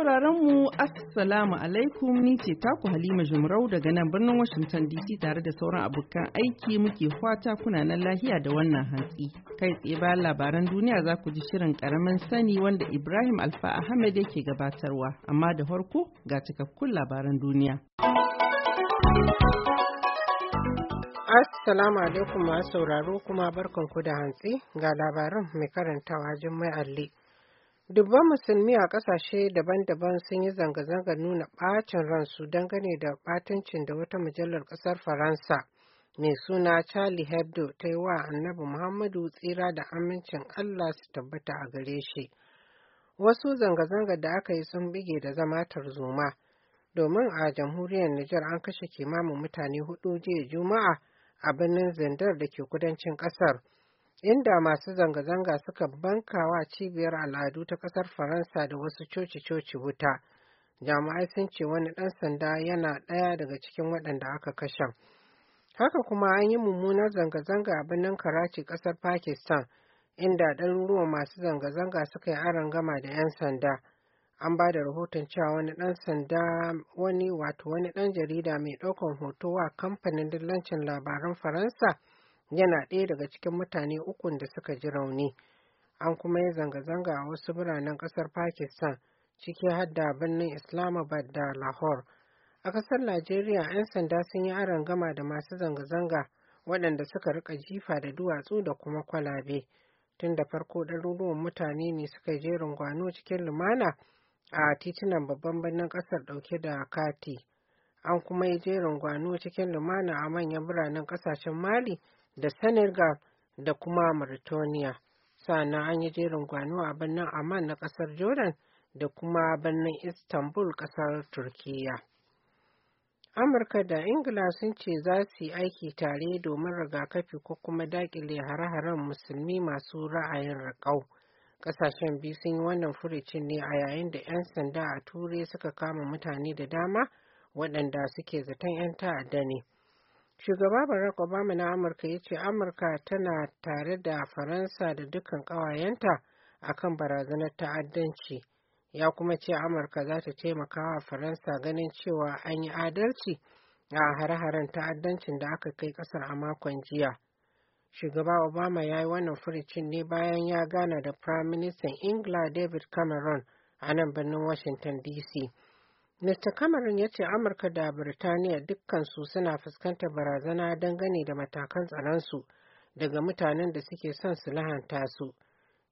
sauraron mu assalamu alaikum ni ce taku Halima Jumrau daga nan birnin Washington DC tare da sauran abokan aiki muke fata kuna nan lahiya da wannan hantsi. Kai tsaye bayan labaran duniya za ku ji shirin karamin sani wanda Ibrahim Alfa Ahmed yake gabatarwa amma da farko ga cikakkun labaran duniya. Assalamu alaikum masu sauraro kuma barkanku da hantsi ga labaran mai karantawa Jummai Alli. Dubban musulmi a ƙasashe daban-daban sun yi zanga zanga nuna ɓacin ransu dangane da ɓatancin da wata mujallar ƙasar Faransa mai suna Charlie Hebdo ta yi wa Annabi Muhammadu tsira da amincin Allah su tabbata a gare shi. Wasu zanga zanga da aka yi sun bige da zama tarzoma, domin a jamhuriyar Nijar an kashe kimanin mutane hudu jiya Juma'a a birnin zindar da ke kudancin ƙasar. inda masu zanga-zanga suka bankawa cibiyar al'adu ta ƙasar faransa da wasu coci-coci wuta jami'ai sun ce wani ɗan sanda yana ɗaya daga cikin waɗanda aka kashe haka kuma an yi mummunar zanga-zanga a birnin karachi ƙasar pakistan inda ɗaruruwan masu zanga-zanga suka yi aron gama da 'yan sanda an ba da rahoton cewa wani ɗan sanda wani wato wani ɗan jarida mai ɗaukar hoto wa kamfanin dillancin labaran faransa yana ɗaya daga cikin mutane ukun da suka ji rauni an kuma yi zanga-zanga a wasu biranen ƙasar pakistan ciki har da birnin islamabad da lahore a ƙasar najeriya 'yan sanda sun yi aron gama da masu zanga-zanga waɗanda suka rika jifa da duwatsu da kuma kwalabe tun da farko ɗaruruwan mutane ne suka je rungwano cikin lumana a titunan babban birnin ƙasar ɗauke da kati an kuma yi jerin gwano cikin lumana a manyan biranen ƙasashen mali da senegal da kuma mauritania sannan an yi jerin gwano a birnin amman na kasar jordan da kuma birnin istanbul kasar Turkiyya. amurka da ingila sun ce za su yi aiki tare domin rigakafi ko kuma dakile hare-haren musulmi masu ra'ayin riƙau Kasashen biyu sun yi wannan furicin ne a yayin da 'yan sanda a turai suka kama mutane da dama waɗanda suke zaton 'yan ta'adda ne. shugaba barack obama na amurka ya ce amurka tana tare da faransa da dukkan ƙawayenta kan barazanar ta'addanci ya kuma ce amurka za ta taimaka wa faransa ganin cewa an yi adalci a hare-haren ta'addancin da aka kai ƙasar a makon jiya shugaba obama ya yi wannan furicin ne bayan ya gana da prime minister ingila david cameron a nan birnin washington dc Mr. Cameron ya ce Amurka da Birtaniya dukkansu suna fuskantar barazana dangane da matakan tsaronsu daga mutanen da suke son su lahanta su.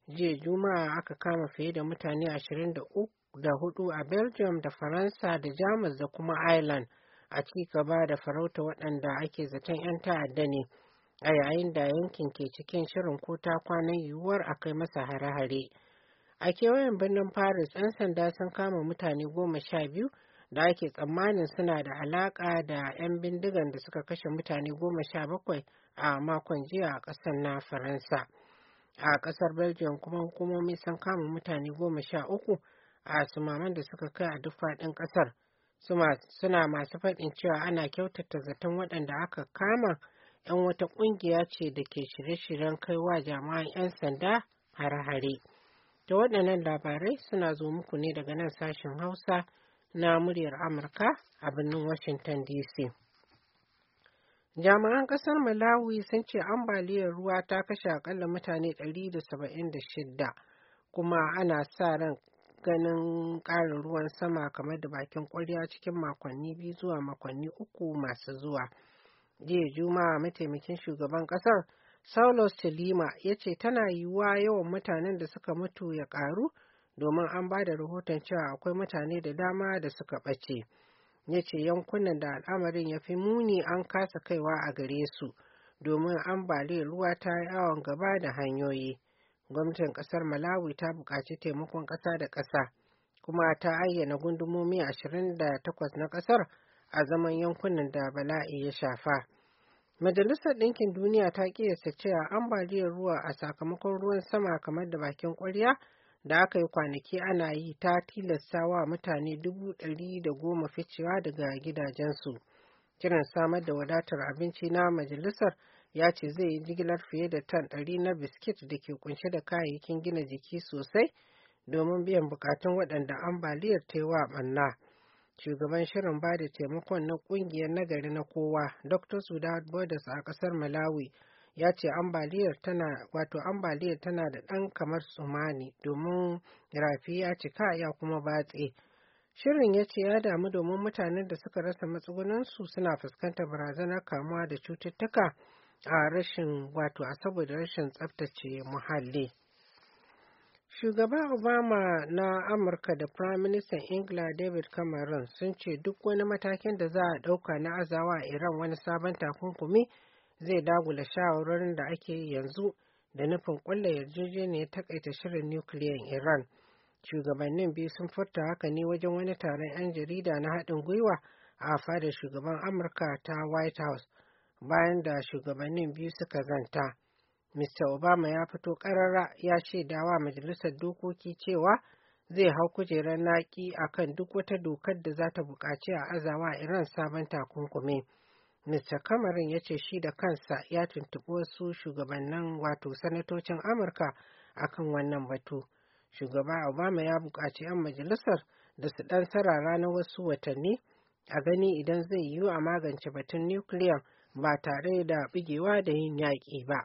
Jiya Juma'a aka kama fiye da mutane ashirin 24 a Belgium da Faransa da Jamus da kuma Ireland a ci gaba da farauta waɗanda ake zaton 'yan ta'adda ne a yayin da yankin ke cikin shirin ko ta kwanan yiwuwar a kai masa hare-hare. A kewayen birnin Paris, 'yan sanda sun kama mutane goma sha biyu da ake tsammanin suna da alaƙa da 'yan bindigan da suka kashe mutane goma sha bakwai a makon jiya a ƙasar na Faransa. A ƙasar Belgium kuma hukumomi sun kama mutane goma sha uku a sumaman da suka kai a duk faɗin ƙasar. Suna masu faɗin cewa ana kyautata zaton waɗanda aka kama 'yan wata ƙungiya ce da ke shirye-shiryen kaiwa wa jama'an 'yan sanda hare-hare. Da waɗannan labarai suna zo muku ne daga nan sashen Hausa na muryar Amurka a birnin Washington DC. Jami'an ƙasar Malawi sun ce ambaliyar ruwa ta kashe akalla mutane 176 kuma ana sa ran ganin ƙarin ruwan sama kamar da bakin ƙwarya cikin makonni biyu zuwa makonni uku masu zuwa. Jiya Juma'a mataimakin shugaban ƙasar Saulos Tilima ya ce tana yiwuwa yawan mutanen da suka mutu ya ƙaru domin an ba da rahoton cewa akwai mutane da dama da suka ɓace. Ya ce yankunan da al'amarin ya fi muni an kasa kaiwa a gare su domin ambaliyar ruwa ta yi gaba da hanyoyi. Gwamnatin ƙasar Malawi ta buƙaci taimakon ƙasa da ƙasa kuma ta ayyana gundumomi takwas na ƙasar a zaman yankunan da bala'i ya shafa. Majalisar Ɗinkin Duniya ta ƙiyasta cewa ambaliyar ruwa a sakamakon ruwan sama kamar da bakin ƙwarya da aka yi kwanaki ana yi ta tilasta wa mutane dubu ɗari da goma ficewa daga gidajensu. Kiran samar da wadatar abinci na majalisar ya ce zai yi jigilar fiye da tan ɗari na biskit da ke kunshe da kayayyakin gina jiki sosai domin biyan bukatun waɗanda ambaliyar ta yi wa ɓanna. shugaban shirin ba da taimakon na kungiyar nagari na kowa dr sudan borders a kasar malawi ya ce ambaliyar tana wato ambaliyar tana da ɗan kamar tsumani domin rafi ya cika ya kuma batse shirin ya ce ya damu domin mutanen da suka rasa matsugunansu suna fuskantar barazanar kamuwa da cututtuka a rashin wato a saboda rashin tsaftace muhalli. Shugaba Obama na Amurka da Prime Minister Ingila David Cameron sun ce duk wani matakin da za a ɗauka na azawa a Iran wani sabon takunkumi zai dagula shawarorin da ake yanzu da nufin ƙulla yarjejeniyar takaita shirin nukiliyan Iran. Shugabannin biyu sun furta haka ne wajen wani taron 'yan jarida na haɗin gwiwa a fadar shugaban Amurka ta White House bayan da shugabannin biyu suka zanta. Mr. Obama ya fito ƙarara ya shaidawa Majalisar Dokoki cewa zai hau kujerar naƙi a kan duk wata dokar da za ta buƙaci a azawa Iran sabon takunkumi. Mr. Cameron ya ce shi da kansa ya tuntuɓi wasu shugabannin wato sanatocin Amurka a kan wannan batu. Shugaba Obama ya buƙaci 'yan majalisar da su ɗan sarara na wasu watanni a gani idan zai yiwu a magance batun nukiliyan ba tare da bigewa da yin yaƙi ba.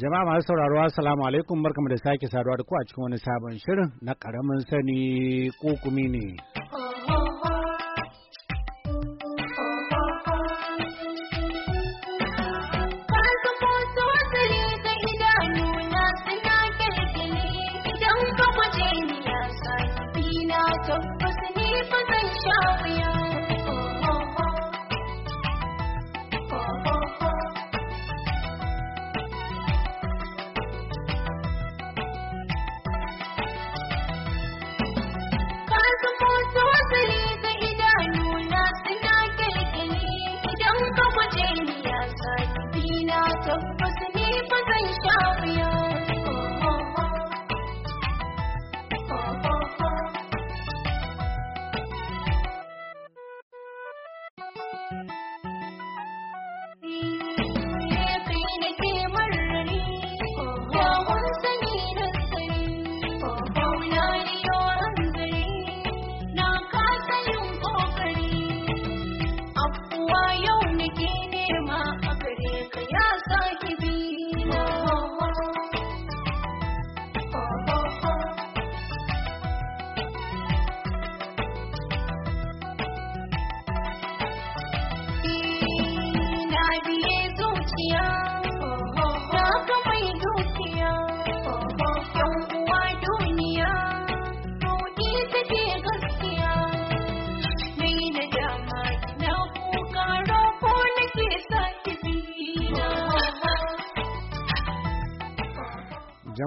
Jama'a masu sauraro assalamu alaikum barkamu da sake saduwa da ku a cikin wani sabon shirin na karamin sani kokumi ne.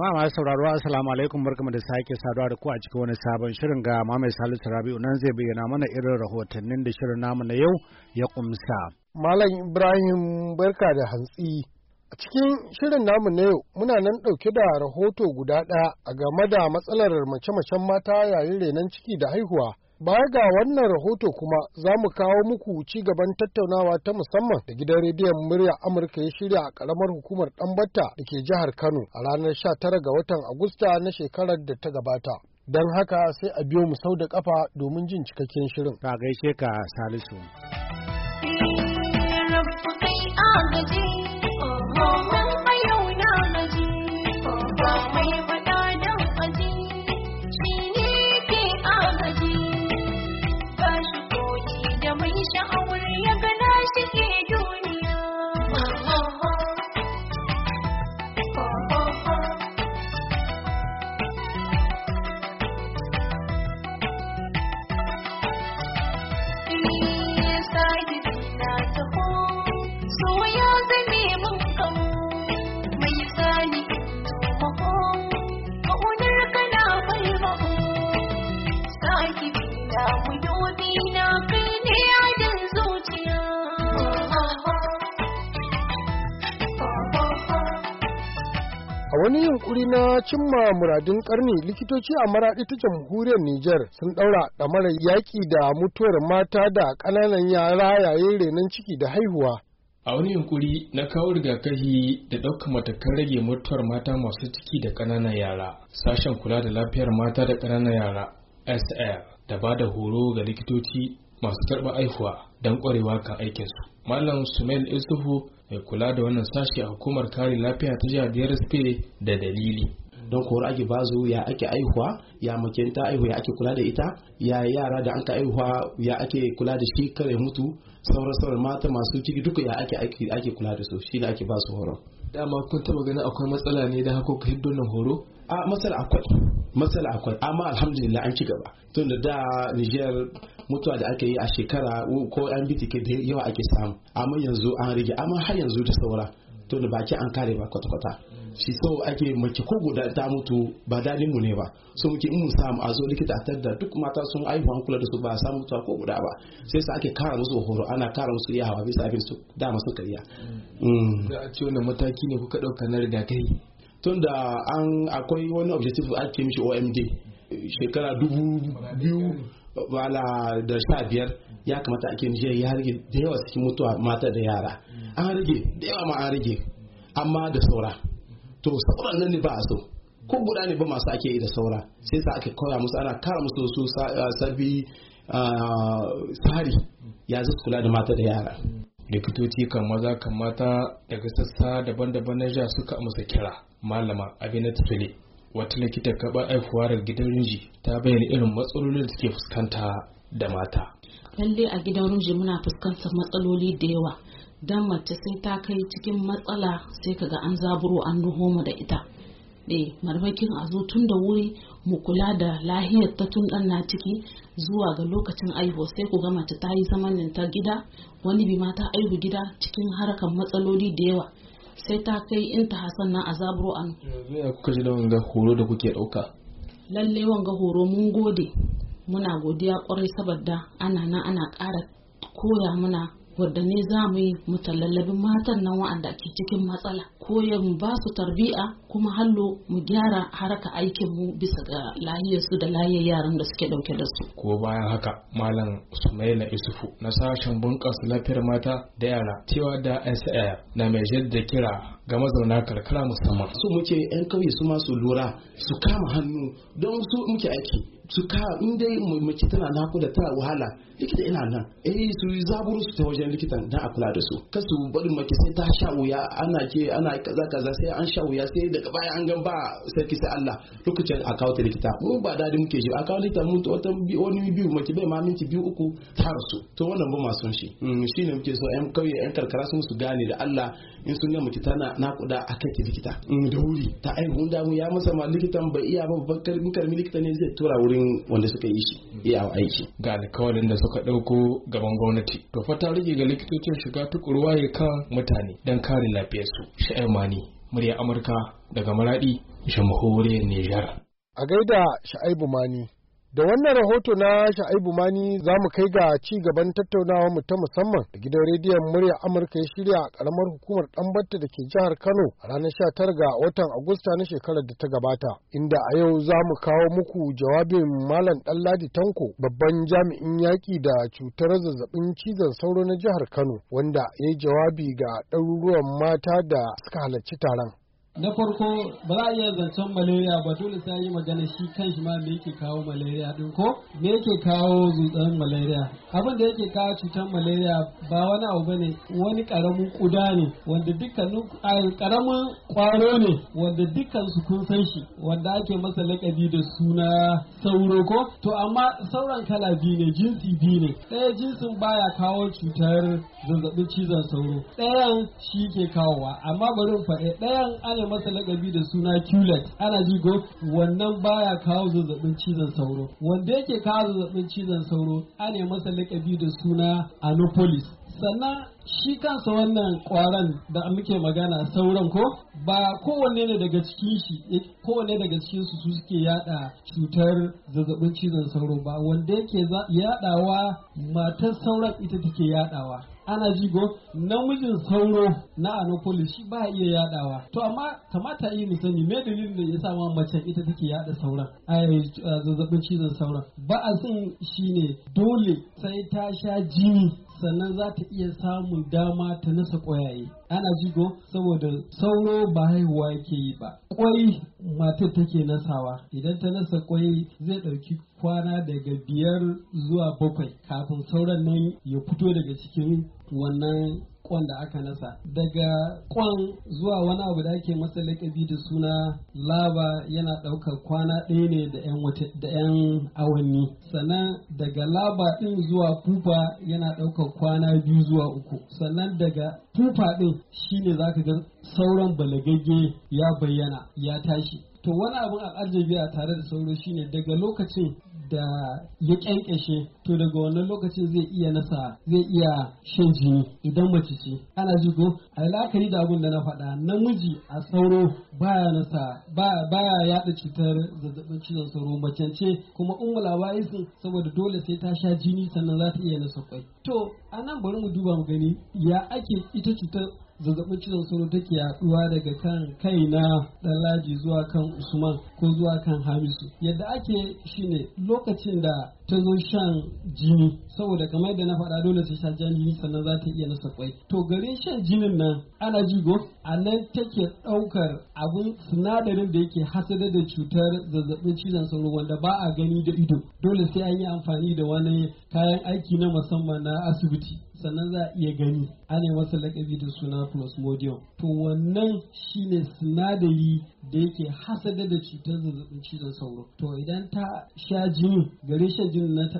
Jama'a masu sauraro assalamu alaikum barkamu da sake saduwa da ku a cikin wani sabon shirin ga Mamai Salisu Rabi'u nan zai bayyana mana irin rahotannin da shirin namu na yau ya kumsa. Malam Ibrahim barka da hantsi. A cikin shirin namu na yau muna nan ɗauke da rahoto guda ɗaya a game da matsalar mace-macen mata yayin renon ciki da haihuwa Baya ga wannan rahoto kuma za mu kawo muku ci gaban tattaunawa ta musamman da gidan rediyon murya Amurka ya shirya a karamar hukumar Ɗanbata da ke jihar Kano a ranar 19 ga watan Agusta na shekarar da ta gabata. Don haka sai a biyo mu sau da kafa domin jin cikakken shirin. Ka gaishe ka Salisu. na cimma muradin karni likitoci a maraɗi ta jamhuriyar Nijar sun ɗaura ɗamarar yaƙi da mutuwar mata da ƙananan yara yayin renon ciki da haihuwa. A wani yunkuri na kawo rigakafi da ɗaukar matakan rage mutuwar mata masu ciki da ƙananan yara, sashen kula da lafiyar mata da ƙananan yara SL da ba da horo ga likitoci masu karɓar haihuwa don ƙwarewa kan aikinsu. Malam Sumail Isufu mai kula da wannan sashi a hukumar kare lafiya ta jihar biyar da dalili don kowar ake bazu ya ake aihuwa ya makinta aihuwa ya ake kula da ita ya yara da an ka aihuwa ya ake kula da shi kare mutu sauran sauran mata masu ciki duka ya ake ake kula da su shi da ake basu horo dama kun taba gani akwai matsala ne da hako ka hiddo nan horo a matsala akwai matsala akwai amma alhamdulillah an ci gaba tun da da Niger mutuwa da aka yi a shekara ko an bi tike da yawa ake samu amma yanzu an rage amma har yanzu da saura to da baki an kare ba kwata-kwata shi sau ake mace ko guda ta mutu ba dalin mu ne ba so muke in mu samu a zo likita tar da duk mata sun aihu an kula da su ba a samu mutuwa ko guda ba sai sa ake kara musu horo ana kara musu iyawa bisa abin su dama su kariya. da mm. a ce wannan mataki ne kuka ɗauka na rigakafi. tun da an akwai wani objective ake mishi omd shekara dubu biyu wala da sha biyar ya kamata ake nijar ya rage da yawa cikin mutuwa mata da yara an rage da yawa ma an rage amma da saura to sauran nan ne ba a so ko guda ne ba masu ake yi da saura sai sa aka koya musu ana kara musu su sabi ah, ah, tsari ya zai kula da mata da yara likitoci kan maza kan mata daga sassa daban-daban na suka amsa kira malama abinatu sule wata likita karɓar haihuwar gidan rinji ta bayyana irin matsalolin da suke fuskanta da mata lalle a gidan rinji muna fuskantar matsaloli da yawa dan mace sai ta kai cikin matsala sai kaga an zaburo an nuho mu da ita Eh, marmakin a zo tun da wuri mu kula da lahiyar ta tun dan na ciki zuwa ga lokacin aihuwa sai ku ga mace ta yi zamanin ta gida wani bi ma ta aihu gida cikin harkar matsaloli da yawa sai ta kai in ta hasan nan a zaburo an yanzu ya kuka ji da wanga horo da kuke ɗauka lalle wanga horo mun gode muna godiya kwarai saboda ana nan ana ƙara koya muna wadda ne za mu yi mu matan nan wa'anda ke cikin matsala ko ya mu ba su tarbiya kuma hallo mu gyara haraka aikin mu bisa ga lahiyar su da lahiyar yaran da suke dauke da su ko bayan haka malam Sumaila Isufu na sashen bunƙasa lafiyar mata da yara cewa da SAR na mai da kira ga mazauna karkara musamman su muke yan kauye su ma su lura su kama hannu don su muke aiki su ka in mace tana nakuda tana wahala likita ina nan eh su zaburu su ta wajen likitan dan a kula da su kasu su bari mace sai ta sha wuya ana ke ana kaza kaza sai an sha wuya sai daga baya an gan ba sarki sai Allah lokacin a kawo ta likita mu ba dadi muke shi a kawo likita mu wata wani biyu mace bai ma minti biyu uku ta rasu to wannan ba masu shi mm. shi shine muke so ƴan kauye ƴan karkara sun su gane da Allah in sun ga mace tana nakuda a kai ki likita in mm. da wuri ta aihu da ya masa ma likitan bai iya ba babban karmi likita ne zai tura wurin wanda suka yi shi iya mm. aiki ga alkawarin da suka ɗauko gaban gwamnati to fa ta rage ga likitocin shiga tukurwa ya kan mutane dan kare lafiyarsu Mani murya amurka daga maradi jamhuriyar nijar a gaida sha'ibu mani Da wannan rahoto na Sha'ibu Mani za mu kai ga ci gaban tattaunawa mu ta musamman da gidan rediyon murya Amurka ya shirya a karamar hukumar Ɗanbatta da ke jihar Kano a ranar 19 ga watan Agusta na shekarar da ta gabata, inda a yau za mu kawo muku jawabin Malam Ɗanladi Tanko babban jami'in yaƙi da cutar zazzabin cizon sauro na jihar Kano wanda ya jawabi ga ɗaruruwan mata da suka halarci taron. na farko ba za a iya zancen malaria ba dole sai yi magana shi kan shi ma me yake kawo malaria din ko me yake kawo zutsan malaria abin da yake kawo cutar malaria ba wani abu bane wani karamin kuda ne wanda dukkanin karamin kwaro ne wanda dukkan su kun san shi wanda ake masa lakabi da suna sauro ko to amma sauran kala biyu ne jinsi biyu ne ɗaya jinsin baya kawo cutar zazzabin cizon sauro ɗayan shi ke kawowa amma bari mu faɗi ɗayan ana ana masa lakabi da suna Culex ana ji go wannan baya kawo zazzabin cizon sauro wanda yake kawo zazzabin cizon sauro ana masa lakabi da suna Anopolis sannan shi kansa wannan kwaran da muke magana sauran ko ba kowanne ne daga cikin shi eh, kowanne daga cikin su suke yada cutar zazzabin cizon sauro ba wanda yake yadawa matar sauran ita take yadawa ana jigo namijin sauro na anopolis shi ba iya yadawa to amma kamata yi mu sani me dalilin da ya ma mace ita take yada sauran ai eh, zazzabin cizon sauran ba a san shine dole sai ta sha jini sannan za ta iya samun dama ta nasa ƙwayaye ana jigo saboda sauro ba haihuwa yake yi ba ƙwai matar take nasawa idan ta nasa ƙwai zai ɗauki kwana daga biyar zuwa bakwai kafin sauran nan ya fito daga cikin wannan kwan da aka nasa daga kwan zuwa wani abu da ake masa lakabi da suna laba yana ɗaukar kwana ɗaya ne da 'yan awanni sannan daga laba ɗin zuwa pupa yana ɗaukar kwana biyu zuwa uku sannan daga pupa ɗin shine zaka ga sauran balagagge ya bayyana ya tashi to wani abin al'ajabi a tare da sauro shine daga lokacin da ya kyankyashe to daga wannan lokacin zai iya nasa zai iya shan jini idan mace ce ana jigo a la'akari da abin da na faɗa namiji a sauro baya nasa baya cutar zazzabin cizon sauro macen ce kuma umma sun saboda dole sai ta sha jini sannan za ta iya nasa kwai to anan nan bari mu duba mu gani ya ake ita cutar zazzabin cizon sauro take yaduwa daga kan kaina ɗanlaji zuwa kan usman ko zuwa kan hamisu yadda ake shine lokacin da ta zo shan jini saboda kamar da na faɗa dole sai sha jan jini sannan za ta iya nasa kwai to garin shan jinin nan ana jigo a nan take ɗaukar abin sinadarin da yake hasadar da cutar zazzabin cizon sauro wanda ba a gani da ido dole sai an yi amfani da wani kayan aiki na musamman na asibiti sannan za a iya gani ana masa lakabi da suna plasmodium to wannan shine sinadari da yake hasada da cutar zazzabin cizon sauro to idan ta sha jini gare shan jini na ta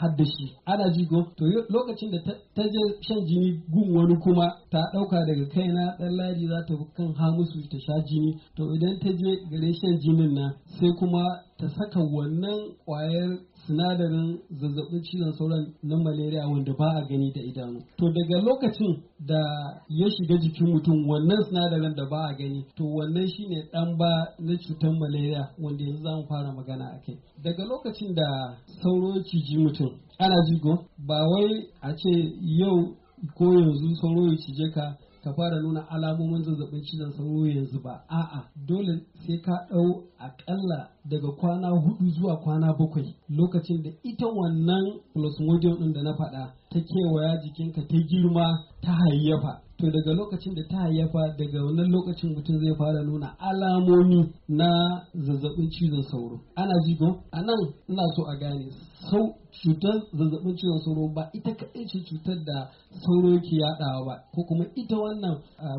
hadda shi ana jigo to lokacin da ta je shan jini gun wani kuma ta dauka daga kaina dan ladi za ta kan hamusu ta sha jini to idan ta je gare shan jinin nan sai kuma ta saka wannan kwayar sinadarin zazzabin cizon sauran na malaria wanda ba a gani da idanu to daga lokacin da ya shiga jikin mutum wannan sinadarin da ba a gani to wannan shine ɗan ba na cutar malaria wanda yanzu za mu fara magana a kai daga lokacin da sauro ciji mutum ana jigo ba wai a ce yau ko yanzu sauro ya cije ka ka fara nuna alamomin zazzabin cizon sauro yanzu ba a'a dole sai ka ɗau aƙalla daga kwana hudu zuwa kwana bakwai lokacin da ita wannan plasmodium ɗin da na faɗa ta kewaya jikinka ta girma ta hayyafa to daga lokacin da ta hayyafa daga wannan lokacin mutum zai fara nuna alamomi na zazzabin cizon sauro ana jigo a nan ina so a gane sau cutar zazzabin cizon sauro ba ita kaɗai ce cutar da sauro ke yaɗawa ba ko kuma ita wannan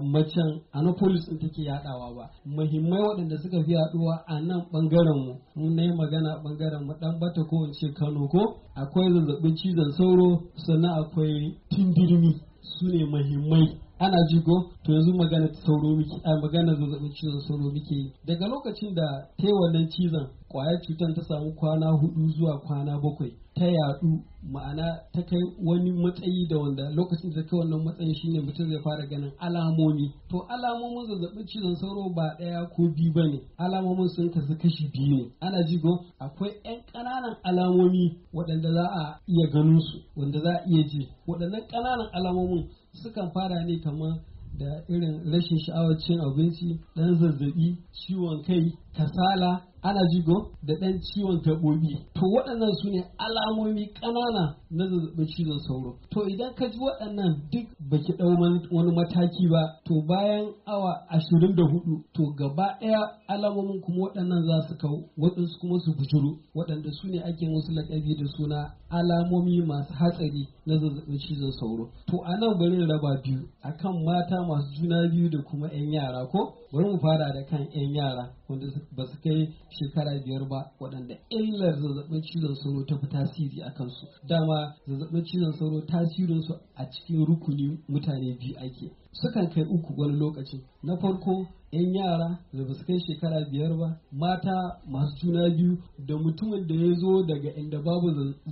macen anopolis ɗin take yaɗawa ba muhimmai waɗanda suka fi yaɗuwa a nan ɓangaren mu na yi magana ɓangaren mu ɗan bata ko kano ko akwai zazzabin cizon sauro sannan akwai tindirmi su ne muhimmai ana jigo to yanzu magana sauro miki a magana zazzabin cizon sauro miki daga lokacin da ta wannan cizon kwayar cutar ta samu kwana hudu zuwa kwana bakwai ta yadu ma'ana ta kai wani matsayi da wanda lokacin da ta kai wannan matsayin shine mutum zai fara ganin alamomi to alamomin zazzabin cizon sauro ba ɗaya ko biyu bane alamomin sun kasu kashi biyu ne ana jigo akwai yan ƙananan alamomi waɗanda za a iya ganin su wanda za a iya ji waɗannan ƙananan alamomin sukan fara ne kamar da irin rashin sha'awar cin abinci ɗan zazzaɓi ciwon kai kasala ana jigo da ɗan ciwon gaɓoɓi to waɗannan su ne alamomi ƙanana na zazzaɓin cizon sauro to idan ka ji waɗannan duk baki ɗau wani mataki ba to bayan awa ashirin da hudu to gaba ɗaya alamomin kuma waɗannan za su kau waɗansu kuma su bujuru waɗanda su ne ake musu laƙabi da suna alamomi masu hatsari na zazzaɓin cizon sauro to a nan bari raba biyu akan mata masu juna biyu da kuma 'yan yara ko bari mu fara da kan 'yan yara wanda ba su kai shekara biyar ba waɗanda illar zazzabin cizon sauro ta fi tasiri a kansu dama zazzabin cizon sauro tasirinsu a cikin rukuni mutane biyu ake sukan kai uku wani lokaci na farko 'yan yara da ba su kai shekara biyar ba mata masu juna biyu da mutumin da ya zo daga inda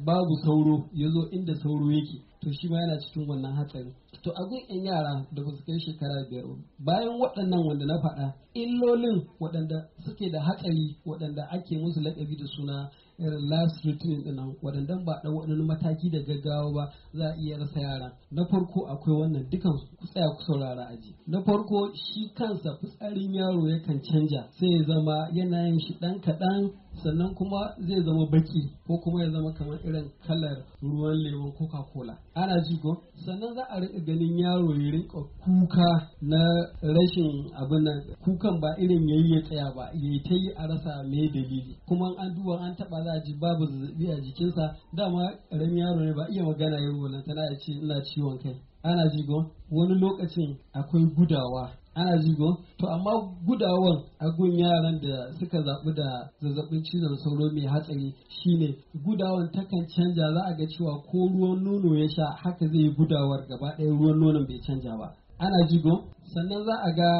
babu sauro ya zo inda sauro yake to shi ma yana cikin wannan hatsari to a gun yan yara da ba su kai shekara biyar bayan waɗannan wanda na faɗa illolin waɗanda suke da hatsari waɗanda ake musu laƙabi da suna irin last retreat ɗin nan waɗanda ba ɗan waɗannan mataki da gaggawa ba za a iya rasa yara na farko akwai wannan dukan ku tsaya ku saurara aji na farko shi kansa fitsarin yaro yakan canja sai ya zama yanayin shi ɗan kaɗan sannan kuma zai zama baki ko kuma ya zama kamar irin kalar ruwan lemon coca cola ana ji ko sannan za a rinka ganin yaro ya rinka kuka na rashin abin nan kukan ba irin yayi ya tsaya ba ya ta yi a rasa mai dalili kuma an duba an taba za a ji babu zazzabi a jikinsa dama ran yaro ne ba iya magana ya wannan tana ce ina ciwon kai ana jigon wani lokacin akwai gudawa ana zigo to amma gudawan gun yaran da suka zaɓi da zazzabin cizon sauro mai hatsari shine gudawan takan canja za a ga cewa ko ruwan nono ya sha haka zai yi gudawar gaba ɗaya ruwan nonon bai canja ba ana jigo sannan za a ga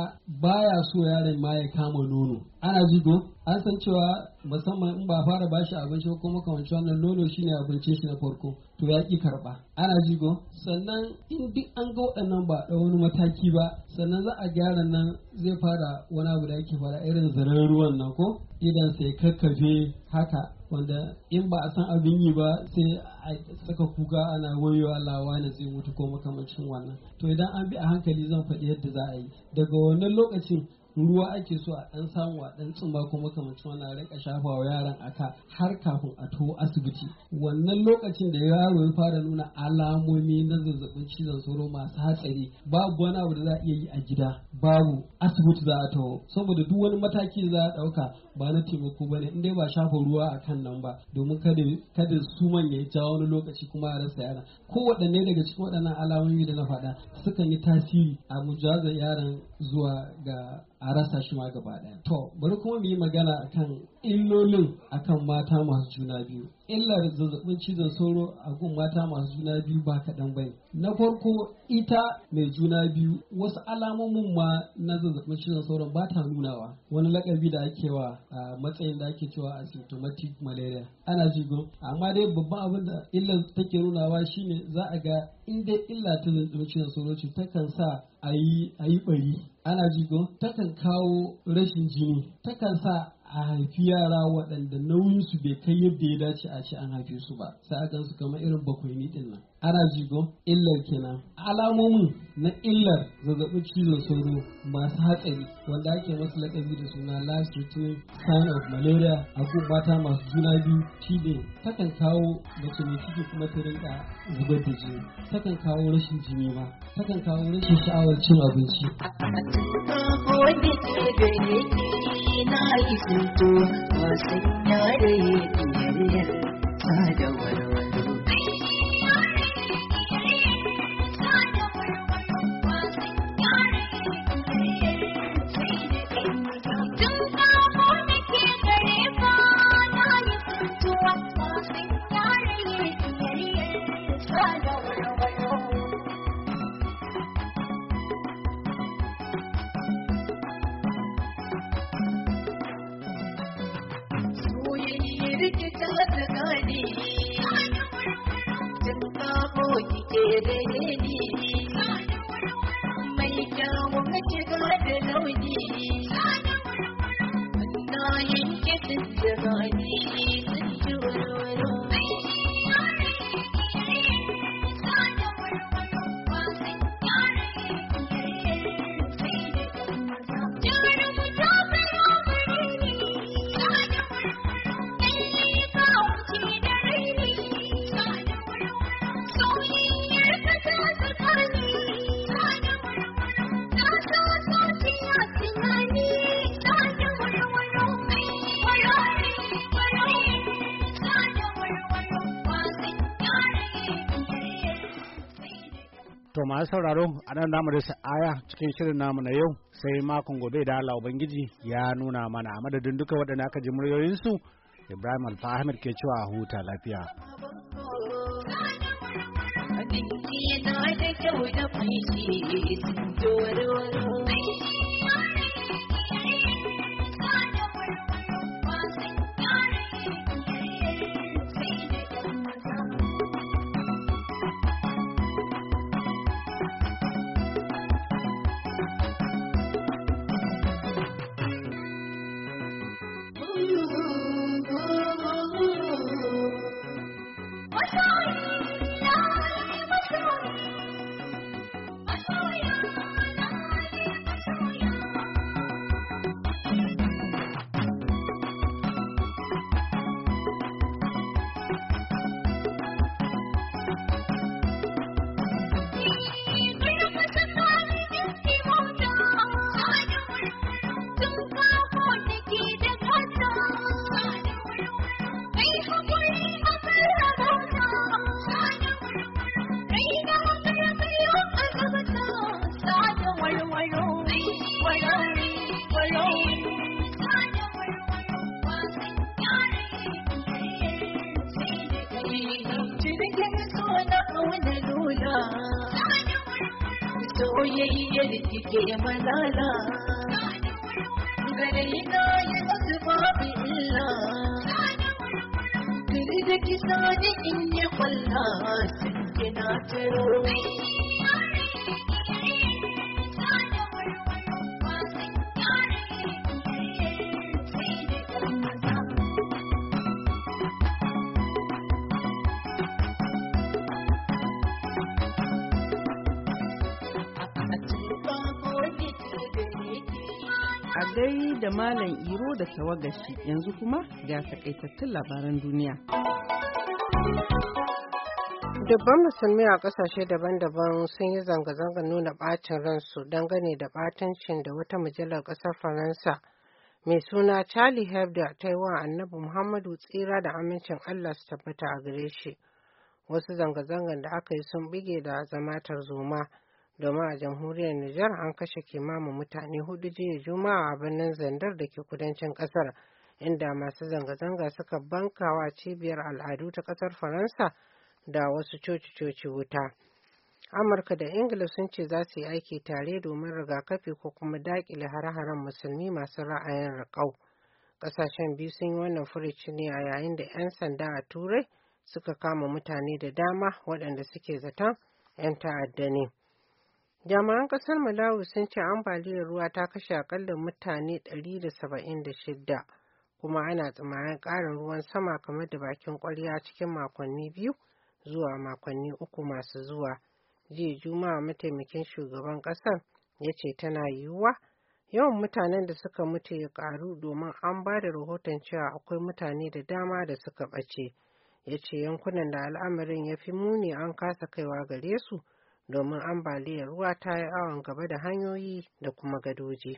baya so yaron ma ya kama nono ana jido an san cewa musamman in ba fara bashi abinci ko kuma makamancin wannan nono shine abincin shi na farko to ya ki karba ana jigo sannan in duk an ga waɗannan ba da wani mataki ba sannan za a gyara nan zai fara wani abu da yake fara irin zaren ruwan nan ko idan sai kakkafe haka wanda in ba a san abin yi ba sai a saka kuka ana wayo Allah wani zai mutu ko makamancin wannan to idan an bi a hankali zan faɗi yadda za a yi daga wannan lokacin ruwa ake so a ɗan samu a ɗan tsumba ko makamancin wannan rika shafa wa yaran aka har kafin a taho asibiti wannan lokacin da yaro ya fara nuna alamomi na zazzabin cizon sauro masu hatsari babu wani abu da za a iya yi a gida babu asibiti za a taho saboda duk wani mataki za a ɗauka ba na taimako ba ne in dai ba shafa ruwa a kan nan ba domin kada su manya ya ja wani lokaci kuma a rasa yaran waɗanne daga cikin waɗannan alamomi da na faɗa sukan yi tasiri a mujazar yaran zuwa ga a rasa shi ma gaba ɗaya to bari kuma mu yi magana akan illolin kan mata masu juna biyu illar zazzabin cizon sauro a gun mata masu juna biyu ba kaɗan bai na farko ita mai juna biyu wasu alamomin ma na zazzabin cizon sauro ba ta nunawa wani lakabi da ake wa a matsayin da ake cewa asymptomatic malaria ana jigo amma dai babban abin da illar take nunawa shine za a ga in dai illa ta zazzabin cizon sauro ce takan sa a yi bari ana jigo takan kawo rashin jini takan sa a haifi yara waɗanda nauyinsu bai kai yadda ya dace a ce an haife su ba sai a gansu kamar irin bakwai ɗin nan ana jigo illar kenan alamomin na illar zazzabin cizon sauro masu hatsari wanda ake masu lakabi da suna last returning sign of malaria a mata masu juna biyu shine takan kawo mace mai ciki kuma ta rinka zubar da jini takan kawo rashin jini ma takan kawo rashin sha'awar cin abinci na yi masu sauraro a nan namu da aya cikin shirin namu na yau sai makon gobe da Allah Ubangiji ya nuna mana a madadin duka waɗanda aka ji muryoyinsu Ibrahim Alfa ke cewa huta lafiya. ya rikice malala gari na ya zasu babu illa kiri da kisa ni in ya kwalla sun kina Malam Iro da Tawagashi yanzu kuma ga takaitattun labaran duniya. Dubban musulmi a kasashe daban-daban sun yi zanga-zangar nuna ɓacin ransu dangane da ɓatancin da wata mujallar ƙasar Faransa mai suna Charlie Hebdo ta yi wa annabi Muhammadu tsira da amincin Allah su tabbata a gare shi. Wasu zanga-zangar da aka yi sun bige da zama zoma. domin a jamhuriyar Nijar an kashe kimanin mutane hudu jiya Juma'a a birnin Zandar da ke kudancin kasar inda masu zanga-zanga suka bankawa cibiyar al'adu ta kasar Faransa da wasu coci-coci wuta. Amurka da Ingila sun ce za su yi aiki tare domin rigakafi ko kuma daƙile hare-haren musulmi masu ra'ayin riƙau. Ƙasashen biyu sun yi wannan furici ne a yayin da 'yan sanda a Turai suka kama mutane da dama waɗanda suke zaton 'yan ta'adda ne. Jami'an ƙasar Malawi sun ce ambaliyar ruwa ta kashe akalla mutane 176 kuma ana tsammanin ƙarin ruwan sama kamar da bakin ƙwarya cikin makonni biyu zuwa makonni uku masu zuwa. Jiya Juma'a mataimakin shugaban ƙasar ya ce tana yiwuwa yawan mutanen da suka mutu ya ƙaru domin an ba da rahoton cewa akwai mutane da dama da suka ɓace. Ya ce yankunan da al'amarin ya fi muni an kasa kaiwa gare su. domin ambaliyar ruwa ta yi awon gaba da hanyoyi da kuma gadoji.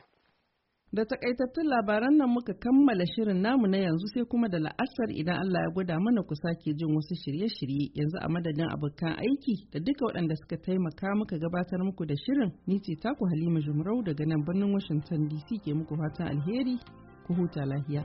Da takaitattun labaran nan muka kammala shirin namu na yanzu sai kuma da la'asar idan Allah ya gwada mana ku sake jin wasu shirye-shirye yanzu a madadin abokan aiki da duka waɗanda suka taimaka muka gabatar muku da shirin ni ce taku Halima Jumrau daga nan birnin Washington DC ke muku fatan alheri ku huta lahiya.